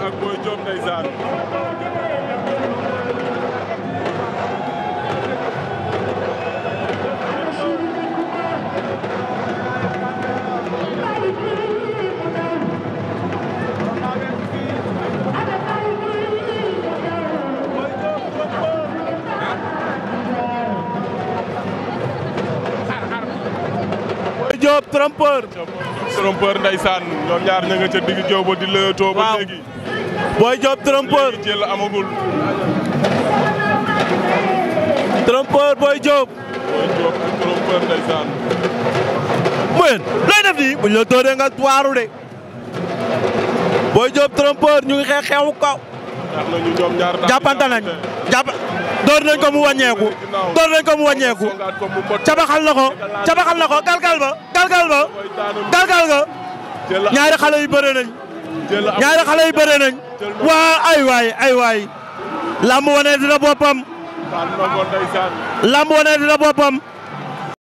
ak booy Diop ndeysaan Diop trompeur. trompeur ndeysaan ñoom ñaar ña nga ca digg Diop ba di lëëtoo ba léegi. Boy Diop trompeur léegi jël amagul. trompeur Boy Diop. Boy Diop trompeur ndeysaan. mu yéen looy def nii bu ñu la doonee nga waaru de. Boy Diop trompeur ñu ngi xeex xeexu kaw. jàppante nañ jàpp door nañ ko mu wàññeeku door nañ ko mu wàññeeku cabaxal na ko galgal ba dalgal ba ga ñaari xale yu bëre nañ xale yu bëre nañ waa ay waay ay waay làmb wane dina boppam làmb wane dina boppam